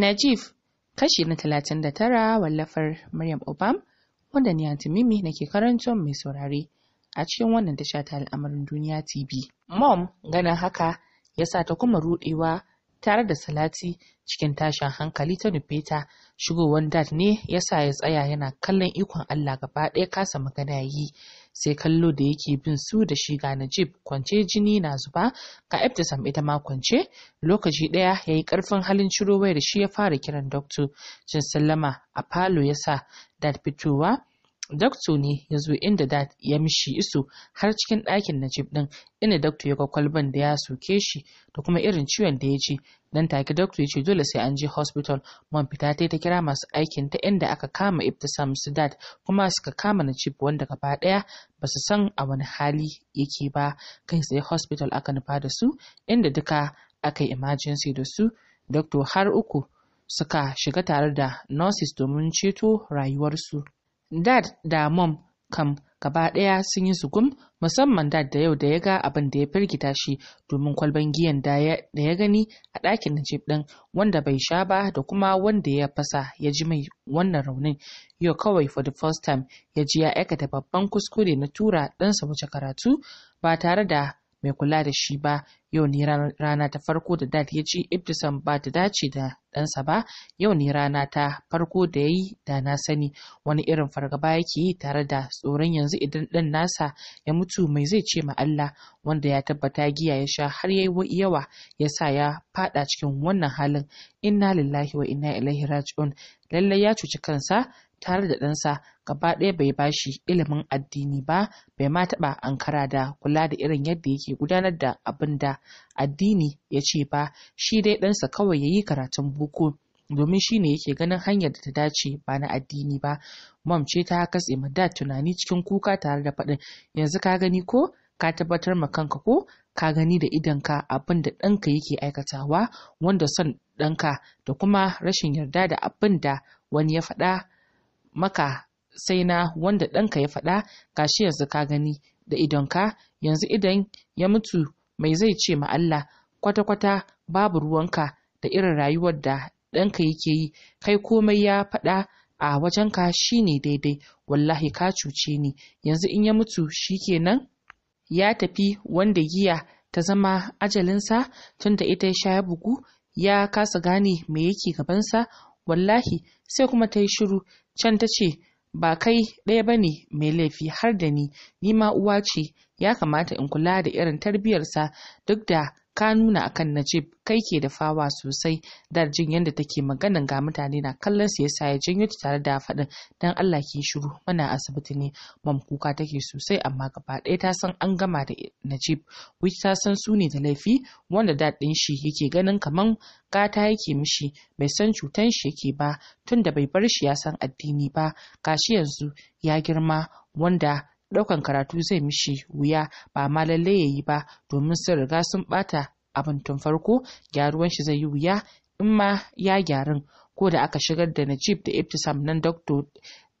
Najif kashi na talatin da tara wallafar Maryam Obam wanda ni Mimi nake karanto mai saurare a cikin wannan tasha ta al'amarin duniya TV. Mom ganin haka ya sa ta kuma rudewa tare da Salati cikin tashin hankali ta nufe ta shigowar dat ne ya sa ya tsaya yana kallon ikon Allah gaba ɗaya kasa magana yi sai kallo da yake bin su da shi ga Najib kwance jini na zuba ga Ibtisam ita ma kwance lokaci ɗaya ya yi ƙarfin halin ciro wayar shi ya fara kiran doctor jin sallama a falo ya sa da fitowa Dakto ne ya zo inda dad ya mishi iso har cikin ɗakin Najib ɗin inda dakto ya ga kwalban da ya soke shi da kuma irin ciwon da ya ji. Dan take dakto ya ce dole sai an je hospital man fita ta ta kira masu aikin ta inda aka kama Ibtisam su dad kuma suka kama Najib wanda gaba ɗaya ba su san a wani hali yake ba kai sai hospital aka nufa da su inda duka aka yi emergency da su dakto har uku suka shiga tare da nurses domin ceto rayuwarsu. Dad da Mom kam gaba ɗaya sun yi sukum musamman dad da yau da ya ga abin da ya firgita shi domin kwalban giyan da ya gani a ɗakin Najib ɗin wanda bai sha ba da kuma wanda ya fasa ya ji mai wannan raunin yau kawai for the first time ya ji ya aikata babban kuskure na tura ɗansa wuce karatu ba tare da mai kula da shi ba yau ne rana ta farko da dad ya ce ibtisam ba ta dace da ɗansa ba yau ne rana ta farko da ya yi da na sani wani irin fargaba yake yi tare da tsoron yanzu idan ɗan nasa ya mutu mai zai ce ma Allah wanda ya tabbata giya ya sha har ya yi yawa ya sa ya faɗa cikin wannan halin inna lillahi wa inna ilaihi raji'un lallai ya cuci kansa tare da ɗansa gaba ɗaya bai bashi ilimin addini ba bai ma taɓa ankara da kula da irin yadda yake gudanar da abin da addini ya ce ba shi dai ɗansa kawai ya yi karatun boko domin shi ne yake ganin hanyar da ta dace ba na addini ba mom ce ta katse ma da tunani cikin kuka tare da faɗin yanzu ka gani ko ka tabbatar ma kanka ko ka gani da idonka abin da ɗanka yake aikatawa wanda son ɗanka da kuma rashin yarda da abin da wani ya faɗa maka sai na wanda ɗanka ya faɗa shi yanzu ka gani da ka yanzu idan ya mutu mai zai ce ma Allah kwata-kwata babu ruwanka da irin rayuwar da ɗanka yake yi kai komai ya faɗa a wajen ka shi ne daidai wallahi ka cuce ni yanzu in ya mutu shi kenan ya tafi wanda giya ta zama ajalinsa tunda ita sha ya bugu ya kasa gane me yake gabansa wallahi sai kuma ta yi shiru Can ta ce, Ba kai ɗaya ba ne mai laifi har da ni, ni ma uwa ce, ya kamata in kula da irin tarbiyyarsa duk da ka nuna akan Najib kai ke da fawa sosai da jin yadda take maganan ga mutane na kallon su yasa ya janyo ta tare da faɗin dan Allah ki shiru muna asibiti ne mam kuka take sosai amma gaba ɗaya ta san an gama da Najib wuce ta san su ne da laifi wanda daɗin shi yake ganin kaman gata yake mishi bai san cutan shi yake ba tunda bai bar shi ya san addini ba gashi yanzu ya girma wanda Daukan karatu zai mishi wuya ba ma lalle ya yi ba domin sun riga sun bata abin tun farko gyaruwan shi zai yi wuya in ma ya gyarin? ko da aka shigar da najib da ibtisam nan doktor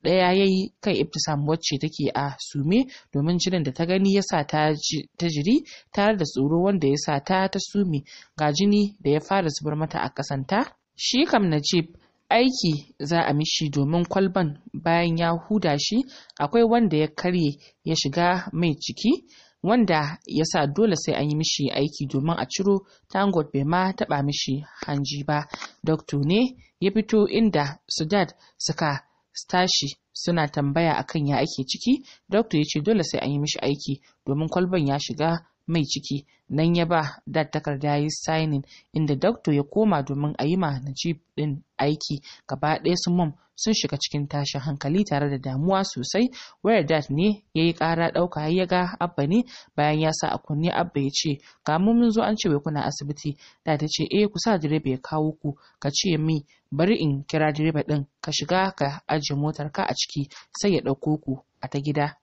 ɗaya ya yi kai ibtisam wacce take a sume domin jinin da ta gani ya sa ta jiri tare da tsoro wanda ya sa ta ta sume ga jini da ya fara zubar mata a kasanta shi kam najib aiki za a mishi domin kwalban bayan ya huda shi akwai wanda ya karye ya shiga mai ciki wanda ya sa dole sai an yi mishi aiki domin a ciro tangot bai ma taba mishi hanji ba doctor ne ya fito inda sudad suka tashi suna tambaya akan ya ake ciki doctor ya ce dole sai an yi mishi aiki domin kwalban ya shiga mai ciki nan ya ba da takarda ya yi signing inda doctor ya koma domin a yi ma najib din aiki gaba ɗaya su mom sun shiga cikin tashin hankali tare da damuwa sosai wayar dat ne ya yi ƙara ɗauka ya ga abba ne bayan ya sa a kunne abba ya ce ga mu mun zo an ce wai kuna asibiti da ta ce eh ku sa direba ya kawo ku ka ce mi bari in kira direba ɗin ka shiga ka ajiye motar ka a ciki sai ya ɗauko ku a ta gida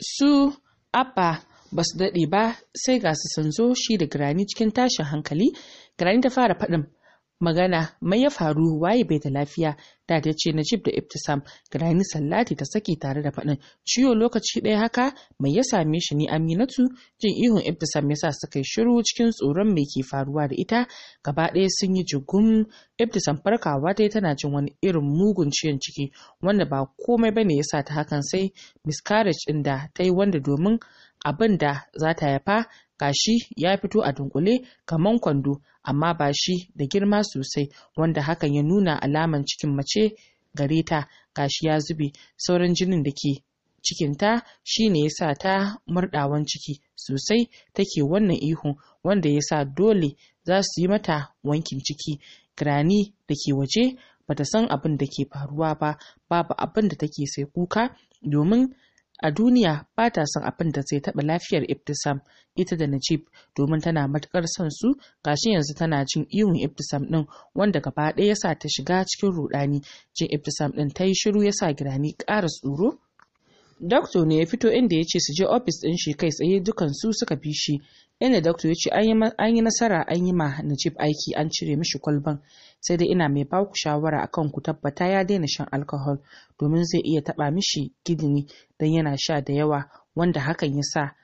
su abba ba su daɗe ba sai ga su san zo shi da Granny cikin tashin hankali. Granny ta fara faɗin magana mai ya faru waye bai da lafiya da ta ce Najib da Ibtisam Granny Sallati ta saki tare da faɗin ciwo lokaci ɗaya haka mai ya same shi ni Aminatu jin ihun Ibtisam yasa suka yi shiru cikin tsoron mai ke faruwa da ita gaba ɗaya sun yi jigun Ibtisam farkawa ta tana jin wani irin mugun ciwon ciki wanda ba komai bane sa ta hakan sai miscarriage ɗin da ta yi wanda domin abin da za ta haifa gashi ya fito a dunkule kaman kwando amma ba shi da girma sosai wanda hakan ya nuna alaman cikin mace gare ta gashi ya zube sauran jinin da ke cikinta shi ne ya sa ta murɗawan ciki sosai take wannan ihu, wanda ya sa dole za su yi mata wankin ciki girani da ke waje bata san abin da ke faruwa ba babu abin da take sai kuka domin A duniya ba ta son abin da zai taɓa lafiyar Ibtisam ita da Najib domin tana matuƙar son su gashi yanzu tana jin ihun Ibtisam ɗin wanda gaba ɗaya ya sa ta shiga cikin ruɗani jin Ibtisam ɗin ta yi shiru ya sa Girani ƙara tsoro. Dokto ne ya fito inda ya ce su je ofis ɗin shi kai tsaye dukansu suka bi shi inda doctor ya ce an yi nasara an yi ma najib aiki an cire mishi kwalban sai dai ina mai baku shawara akan ku tabbata ya daina shan alcohol domin zai iya taba mishi gidini don yana sha da yawa wanda hakan ya sa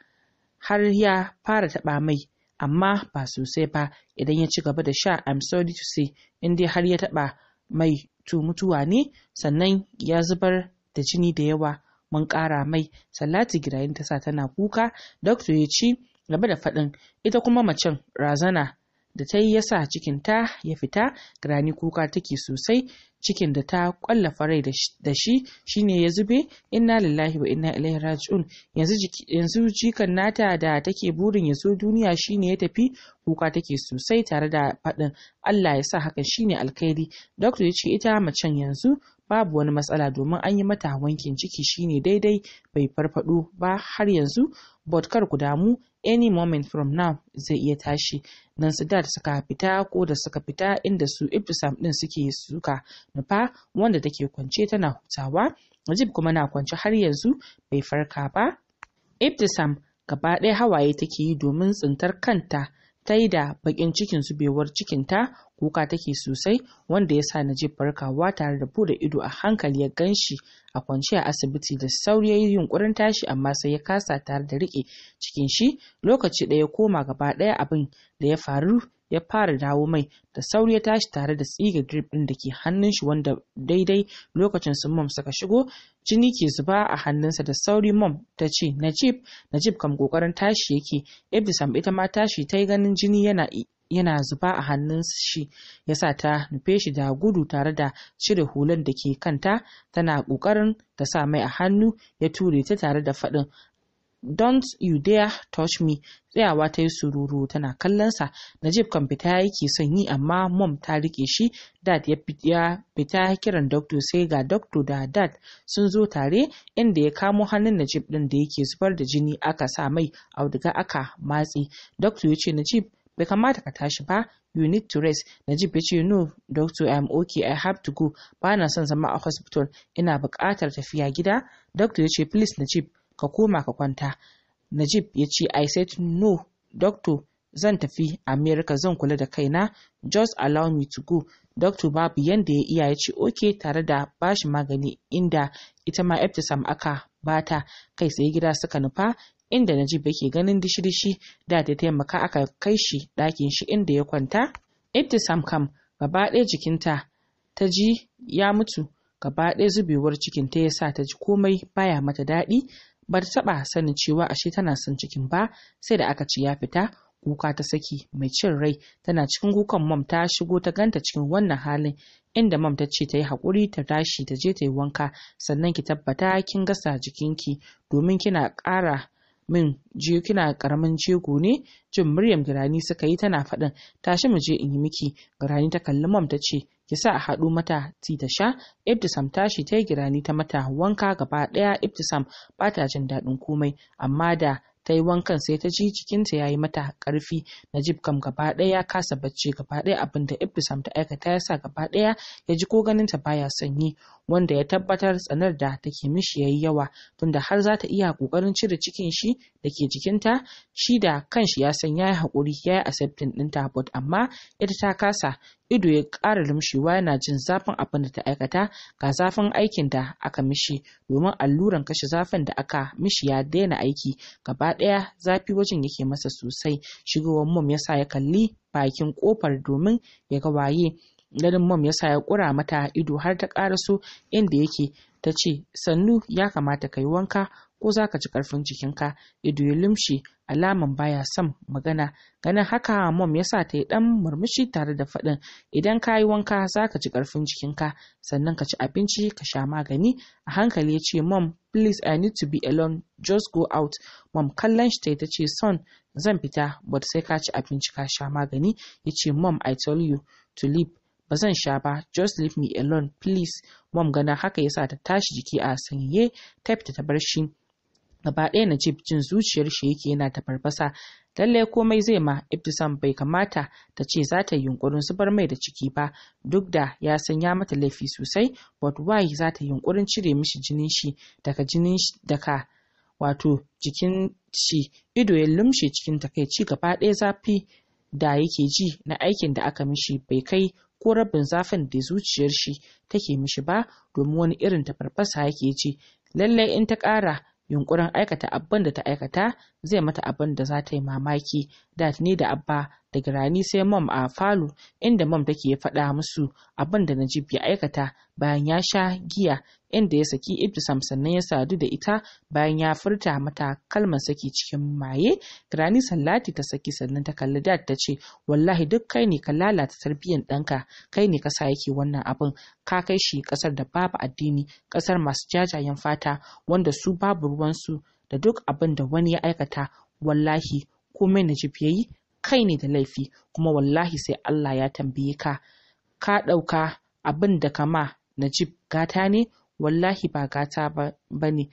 har ya fara taba mai amma ba sosai ba idan ya ci gaba da sha I'm sorry to say in dai har ya taba mai to mutuwa ne sannan ya zubar da jini da yawa mun ƙara mai salati girayin ta sa tana kuka doctor ya ce. game da faɗin ita kuma macen razana da ta yi yasa ta ya fita rani kuka take sosai cikin da ta kwallafa rai da shi shine ya zube inna lillahi wa inna ilaihi raji'un yanzu jikan nata da take burin ya zo duniya shine ya tafi kuka take sosai tare da faɗin Allah ya sa hakan shine alkhairi doctor ya ce ita macen yanzu babu wani matsala domin an yi mata wankin ciki shine daidai bai farfado ba har yanzu bot kar ku damu any moment from now zai iya tashi nan su da suka fita ko da suka fita inda su ibtisam din suke suka nufa wanda take kwance tana hutawa najib kuma na kwance har yanzu bai farka ba ibtisam gaba ɗaya hawaye take yi domin tsintar kanta ta yi da bakin cikin zubewar cikinta kuka take sosai wanda ya sa Najib farkawa tare da bude ido a hankali ya ganshi a kwance a asibiti da sauri ya yunkurin tashi amma sai ya kasa tare da rike cikin shi lokaci ɗaya koma gaba ɗaya abin da ya faru ya fara dawo mai da sauri ya tashi tare da tsiga drip ɗin da ke hannun shi wanda daidai lokacin su mom suka shigo jini ke zuba a hannunsa da sauri mom ta ce najib najib kam kokarin tashi yake ibdisam ita ma tashi ta yi ganin jini yana yana zuba a hannun shi ya sa ta nufe shi da gudu tare da cire hulan da ke kanta tana ƙoƙarin ta sa mai a hannu ya ture ta tare da faɗin don't you dare touch me tsayawa ta yi sururu tana kallonsa najib kan fita yake son yi amma mom ta rike shi dad ya fita kiran doctor sai ga doctor da dad sun zo tare inda ya kamo hannun najib din da yake zubar da jini aka sa mai auduga aka matse doctor ya ce najib bai kamata ka tashi ba you need to rest najib ya ce no doctor i'm okay i have to go ba na son zama a hospital ina buƙatar tafiya gida doctor ya ce please najib ka koma ka kwanta najib ya ce i said no doctor zan tafi america zan kula da kaina just allow me to go doctor babu yanda ya iya ya ce okay tare da bashi magani inda ita ma eftisam aka bata kai sai gida suka nufa inda Najib yake ganin dishi-dishi da ta taimaka aka kai shi ɗakin shi inda ya kwanta. Ibtisam kam gaba ɗaya jikinta ta ji ya mutu gaba ɗaya zubewar cikin ta yasa ta ji komai baya mata daɗi ba ta taɓa sanin cewa ashe tana son cikin ba sai da aka ci ya fita kuka ta saki mai cin rai tana cikin kukan mam ta shigo ta ganta cikin wannan halin inda mam ta ce ta yi haƙuri ta tashi ta je ta yi wanka sannan ki tabbata kin gasa jikinki domin kina ƙara min je kina karamin jego ne jin muryar girani suka yi tana faɗin tashi mu je in yi miki girani ta kalli mom ta ce ki sa a haɗu mata ti ta sha ibtisam tashi ta yi girani ta mata wanka gaba ɗaya ibtisam ba ta jin daɗin komai amma da Ta yi wankan sai ta ji jikinta yi mata ƙarfi Najib kam gaba ɗaya ya kasa bacci gaba ɗaya abin da Ibtisam ta aikata ya sa gaba ɗaya ya ji ko ganin ta baya sanyi wanda ya tabbatar tsanar da take mishi yayi yawa tunda har za ta iya ƙoƙarin cire cikin shi da ke jikinta shi da kanshi ya san yayi haƙuri yayi accepting ɗinta but amma ita ta kasa ido ya ƙara lumshewa yana jin zafin abin da ta aikata ga zafin aikin da aka mishi domin alluran kashe zafin da aka mishi ya daina aiki gaba ɗaya zafi wajen yake masa sosai shigowar mom yasa ya kalli bakin kofar domin ya ga waye ganin mom yasa ya ƙura mata ido har ta so inda yake ta ce sannu ya kamata ka yi wanka ko za ka ji ƙarfin jikinka ido ya lumshi alaman baya son magana ganin haka mom ya sa ta yi ɗan murmushi tare da faɗin idan ka yi wanka za ka ji ƙarfin jikinka sannan ka ci abinci ka sha magani a hankali ya ce mom please i need to be alone just go out mom kallon shi ta ce son zan fita but sai ka ci abinci ka sha magani ya ce mom i tell you to leave ba zan sha ba just leave me alone please mom gana haka ya sa ta tashi jiki a sanye ta fita ta bar shi gaba ɗaya najib jin zuciyar shi yake yana ta farfasa lallai komai zai ma ibtisam bai kamata ta ce za ta yi yunkurin zubar mai da ciki ba duk da ya san ya mata laifi sosai but why za ta yi yunkurin cire mishi jinin shi daga jinin shi daga wato jikin shi ido ya lumshe cikin takaici gaba ɗaya zafi da yake ji na aikin da aka mishi bai kai ko rabin zafin da zuciyar shi take mishi ba domin wani irin tafarfasa yake ji lallai in ta ƙara yunkurin aikata abin da ta aikata zai mata abin da za ta yi mamaki da ni da abba daga rani sai mom a falo inda mom take faɗa musu abin da najib ya aikata bayan ya sha giya inda ya saki ibtisam sannan ya sadu da ita bayan ya furta mata kalmar saki cikin maye Rani Sallati ta saki sannan ta kalli Dad ta ce wallahi duk kai ne ka lalata tarbiyyar ɗanka kai ne kasa yake wannan abin ka kai shi ƙasar da babu addini ƙasar masu jajayen fata wanda su babu ruwansu da duk abin da wani ya aikata wallahi komai Najib ya yi kai ne da laifi kuma wallahi sai Allah ya tambaye ka ka ɗauka abin da kama Najib gata ne wallahi ba gata ba ne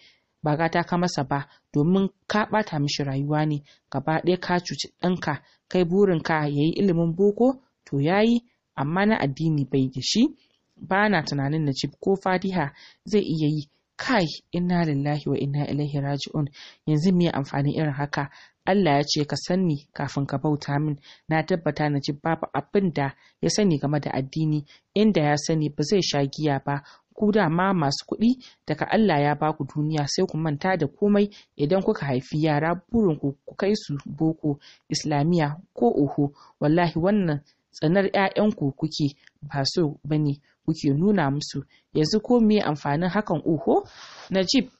ba gata ka masa ba domin ka ɓata mishi rayuwa ne gaba ɗaya ka cuci ɗanka kai burinka ya yi ilimin boko to ya yi amma na addini bai da shi ba na tunanin Najib ko Fadiha zai iya yi kai inna lillahi wa inna ilaihi raji'un yanzu me amfani irin haka Allah ya ce ka san ni kafin ka bauta min na tabbata na ji babu abin da ya sani game da addini inda ya sani ba zai sha giya ba ku ma masu kuɗi daga Allah ya baku duniya sai ku manta da komai idan kuka haifi yara burin ku ku kai su boko islamiyya, ko oho wallahi wannan tsanar 'ya'yanku kuke ba so bane kuke nuna musu yanzu ko me amfanin hakan oho najib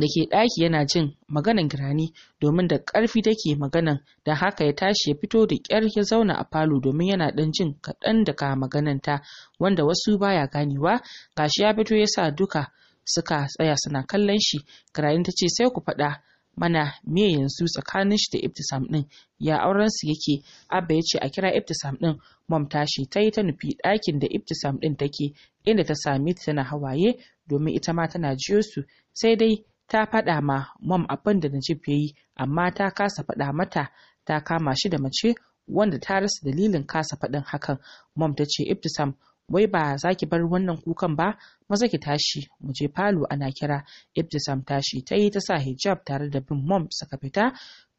da ke ɗaki yana jin maganan Girani domin da ƙarfi take maganan da haka ya tashi ya fito da ƙyar ya zauna a falo domin yana ɗan jin kaɗan daga maganan ta wanda wasu baya ganewa gashi ya fito ya sa duka suka tsaya suna kallon shi Girani ta ce sai ku faɗa mana me yanzu tsakanin shi da Ibtisam ɗin ya auren su yake Abba ya ce a kira Ibtisam ɗin mom tashi ta yi ta nufi ɗakin da Ibtisam ɗin take inda ta same ta tana hawaye domin ita ma tana jiyo su sai dai ta faɗa ma mom abin da Najib ya yi amma ta kasa faɗa mata ta kama shi da mace wanda ta rasa dalilin kasa faɗin hakan mom ta ce Ibtisam wai ba za ki bar wannan kukan ba maza ki tashi mu je falo ana kira Ibtisam tashi ta yi ta sa hijab tare da bin mom suka fita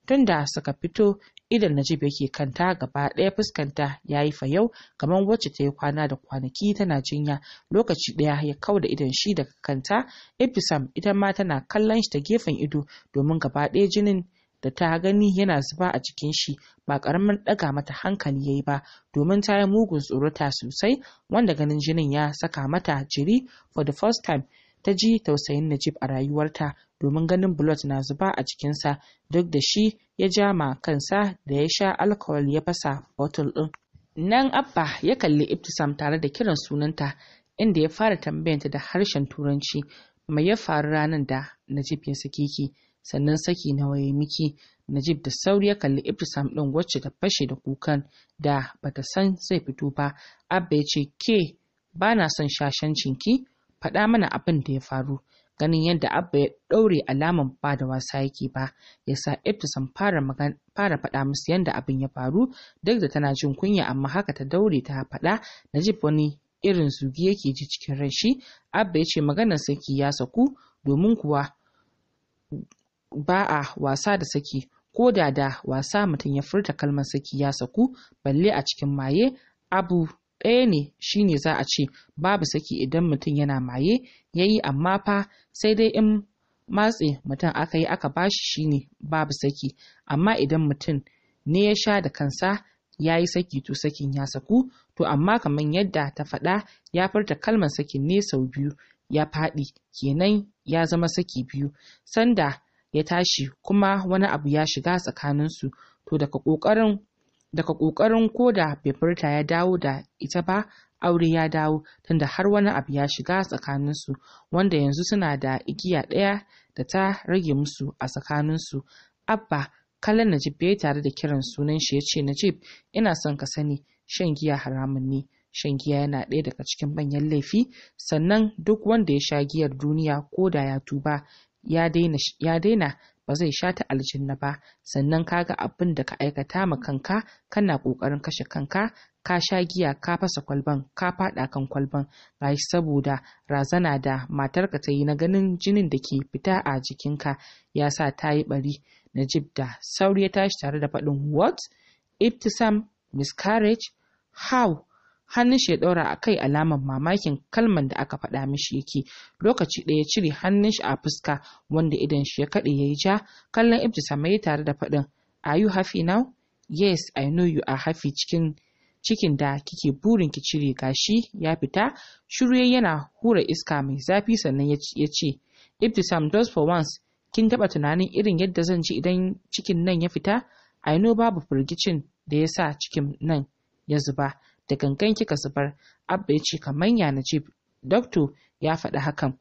tunda suka fito idan Najib yake kanta gaba ɗaya fuskanta ya yi fayau kamar wacce ta yi kwana da kwanaki tana jinya lokaci ɗaya ya kau da idan shi daga kanta ibisam ita ma tana kallon shi ta gefen ido domin gaba ɗaya jinin da ta gani yana zuba a cikin shi ba karamin ɗaga mata hankali yayi ba domin ta yi mugun tsorata sosai wanda ganin jinin ya saka mata jiri for the first time ta ji tausayin Najib a rayuwarta domin ganin blood na zuba a cikinsa duk da shi ya ja ma kansa da ya sha alkawal ya fasa bottle ɗin. Nan Abba ya kalli Ibtisam tare da kiran sunanta inda ya fara tambayanta da harshen Turanci mai ya faru ranar da Najib ya saki ki sannan saki na ya miki Najib da sauri ya kalli Ibtisam ɗin wacce ta fashe da kukan da bata san zai fito ba Abba ya ce ke bana son shashancin ki faɗa mana abin da ya faru ganin yadda abba ya ɗaure alaman ba da wasa yake ba ya sa ibtisam fara faɗa musu yadda abin ya faru duk da tana jin kunya amma haka ta daure ta faɗa na ji wani irin zugi yake ji cikin rai shi abba ya ce maganar saki ya saku domin kuwa ba a wasa da saki ko da da wasa mutum ya furta kalmar saki ya saku balle a cikin maye abu ɗaya ne shine za a ce babu saki idan mutum yana maye ya yi amma fa sai dai in matse mutum aka yi aka bashi shi ne babu saki amma idan mutum ne ya sha da kansa ya yi saki to sakin ya saku to amma kamar yadda ta faɗa ya furta kalmar sakin ne sau biyu ya faɗi kenan ya zama saki biyu sanda ya tashi kuma wani abu ya shiga tsakaninsu to daga ƙoƙarin daga ƙoƙarin koda da bai furta ya dawo da ita ba aure ya dawo tunda har wani abu ya shiga tsakaninsu wanda yanzu suna da igiya ɗaya da ta rage musu a tsakaninsu abba kallon najib ya tare da kiran sunan shi ya ce najib ina son ka sani shan giya haramun ne shan giya yana ɗaya daga cikin manyan laifi sannan duk wanda ya sha giyar duniya ko da ya tuba ya daina ba zai sha ta aljanna ba sannan ka ga abin da ka aikata ma kanka kana ƙoƙarin kashe kanka ka sha giya ka fasa kwalban ka faɗa kan kwalban gashi saboda razana da matarka ta yi na ganin jinin da ke fita a jikinka ya sa ta yi ɓari najib da sauri ya tashi tare da faɗin what ibtisam miscarriage how hannun shi ya ɗaura a kai alamar mamakin kalman da aka faɗa mishi yake lokaci ɗaya ya cire hannun shi a fuska wanda idan shi ya kaɗe ya yi ja kallon ibtisam ya tare da faɗin are you happy now yes i know you are happy cikin cikin da kike burin ki cire gashi ya fita shiru yana hura iska mai zafi sannan ya ce ibtisam just for once kin taɓa tunanin irin yadda zan ji idan cikin nan ya fita i know babu firgicin da ya sa cikin nan ya zuba da gangan kika zubar abba ya ce kamar ya najib doctor ya faɗi hakan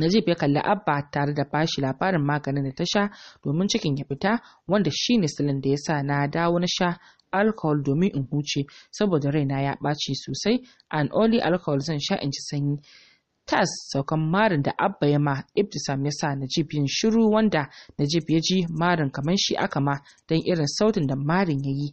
Najib ya kalli Abba tare da bashi labarin maganin da ta sha domin cikin ya fita wanda shine ne silin da ya sa na dawo na sha alcohol domin in huce saboda raina ya ɓaci sosai and only alcohol zan sha in ci sanyi. Tas saukan marin da Abba ya ma Ibtisam ya sa Najib yin shiru wanda Najib ya ji marin kamar shi aka ma don irin sautin da marin ya yi.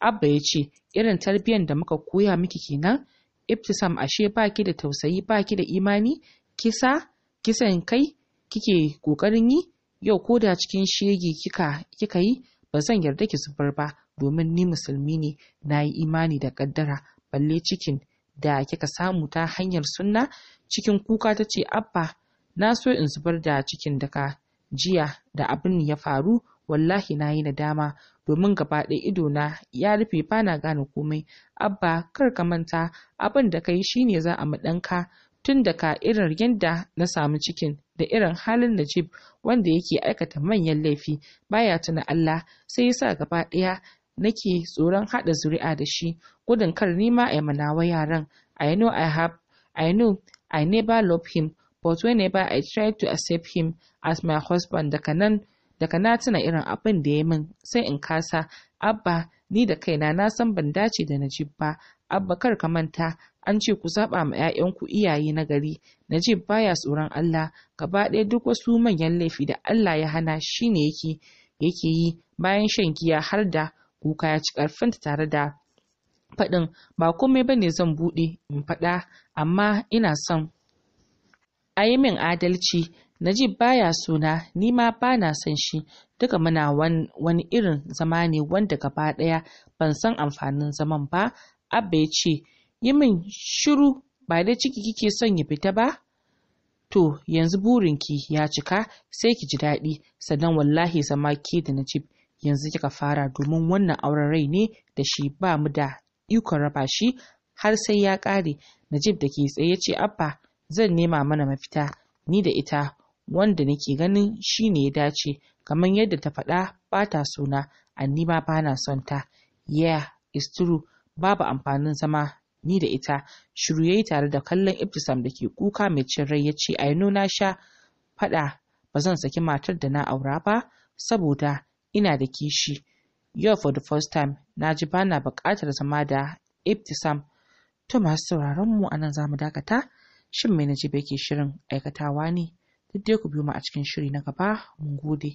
Abba ya ce irin tarbiyyar da muka koya miki kenan ibtisam ashe baki da tausayi baki da imani kisa kisan kai kike kokarin yi yau ko da cikin shege kika kika yi ba zan yarda ki zubar ba domin ni musulmi ne na yi imani da kaddara balle cikin da kika samu ta hanyar sunna cikin kuka ta ce abba na so in zubar da cikin daga jiya da abin ya faru wallahi na yi nadama domin gaba ɗaya ido na ya rufe bana gane komai abba kar ka manta abin da kai shine za a mu ɗanka tun da ka irin yadda na samu cikin da irin halin najib wanda yake aikata manyan laifi baya tuna allah sai yasa gaba ɗaya nake tsoron haɗa zuri'a da shi gudun kar nima a manawa yaran i know i have i know i never love him but whenever i try to accept him as my husband daga nan daga na tuna irin abin da ya min sai in kasa abba ni da kaina na san ban dace da najib ba abba kar ka manta an ce ku zaɓa ma 'ya'yanku iyaye na gari najib baya tsoron allah gaba ɗaya duk wasu manyan laifi da allah ya hana shine yake yake yi bayan shan giya har da kuka ya ci ƙarfinta tare da faɗin ba komai bane zan buɗe in faɗa amma ina son a yi min adalci Najib baya suna ni ma ba na son shi, duka muna wani irin zama ne wanda gaba ɗaya ban san amfanin zaman ba. Abba ya ce, yi min shiru ba da ciki kike son ya fita ba? To yanzu burinki ya cika sai ki ji daɗi sannan wallahi zama ke da Najib yanzu kika fara domin wannan auren rai ne da shi ba mu da ikon raba shi har sai ya ƙare. Najib da ke tsaye ce Abba zan nema mana mafita ni da ita wanda nake ganin shi ne ya dace kamar yadda ta faɗa ba ta suna, ni ma ba na son ta yeah is true babu amfanin zama ni da ita shiru yayi tare da kallon ibtisam da ke kuka mai cin rai ya ce aino na sha faɗa ba zan saki matar da na aura ba saboda ina da kishi yau for the first time na ji ba na buƙatar zama da ibtisam to masu sauraron mu anan za mu dakata shin mai naji ke shirin aikatawa ne duk dai ku biyo mu a cikin shiri na gaba mun gode